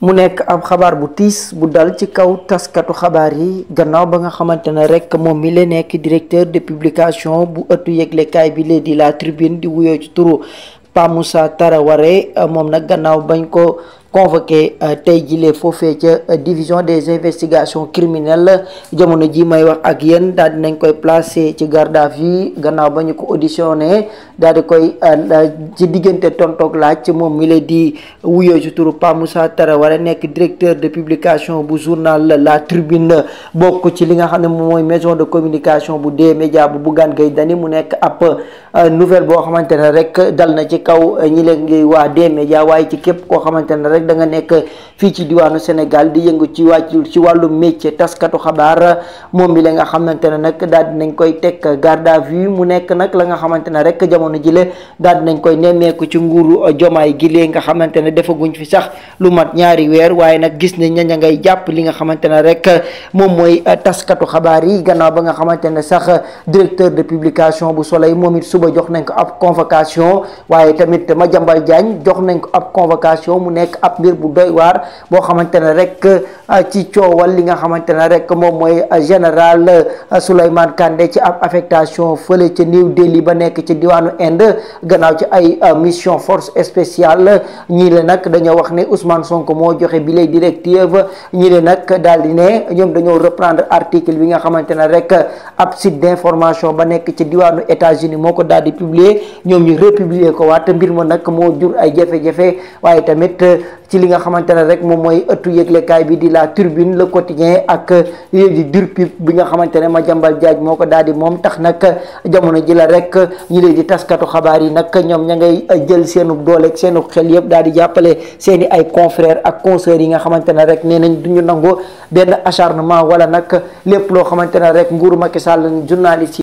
mu nekk am xabaar bu tiis bu dal ci kaw taskatu xabaar yi gannaaw ba nga xamante ne rek moom mi la nekk directeur de publication bu ëttu yëglekaay bi lee di la tribune di wuyoo ci turu Pa tara ware moom na gannaaw bañ ko convoqué euh, tey jilee foofee ca euh, division des investigations criminelles jamono ji may wax ak yéen daal nañ koy placé ci garde à gannaaw ba ñu ko auditionné daal di koy euh, ci diggante tontoog laaj ci moom mi lay di wuyo ci turu Pa Moussa wala nekk directeur de publication bu journal La Tribune bokk ci li nga xam ne moom mooy maison de communication bu D-Média bu Bougane Gueye Dany mu nekk ab nouvelle boo xamante ne rek dal na ci kaw ñi leen ngi waa D-Média ci képp koo xamante ne da nga nekk fii ci diwaanu Sénégal di yëngu ci wàccu ci wàllu métier taskatu xabaar moom bi la nga xamante ne nag daal nañ koy teg garde à vue mu nekk nag la nga xamante ne rek jamono jile daal nañ koy nemmeeku ci nguuru jomaay gi nga xamante ne defaguñ fi sax lu mat ñaari weer waaye nag gis nañ ña ngay jàpp li nga xamante ne rek moom mooy taskatu xabaar yi gannaaw ba nga xamante ne sax directeur de publication bu Soleil moom it suba jox nañ ko ab convocation ab mbir bu doy waar boo xamante ne rek Ah, ci coowal li nga xamante ne rek moom mooy général ah, Souleymane Kandé ci ab affectation fële ca New Delhi ba nekk ci diwaanu Inde gannaaw ci ay ah, mission force spéciale ñii la nag dañoo wax ne Ousmane Sonko moo joxe bi lay directive ñii la nag daal di ne ñoom dañoo reprendre article bi nga xamante ne rek ab site d'information ba nekk ci diwaanu États-Unis moo ko daal di publier ñoom ñu republier ko waate mbir ma nag moo jur ay jafe-jafe waaye tamit ci li nga xamante ne rek moom mooy ëttu yëglekaay bi di la turbine le quotidien ak euh, di durpib bi nga xamante ne ma jambal jaaj moo ko daal di moom tax nag jamono ji la rek ñi leen di taskatu xabaar yi nag ñoom ña ngay euh, jël seenu doole ak xel yëpp daal di jàppale seen i ay confrères ak consoeurs yi nga xamante ne rek nee nañ duñu nangu benn acharnement wala nag lépp loo xamante ne rek nguuru Macky Sall journaliste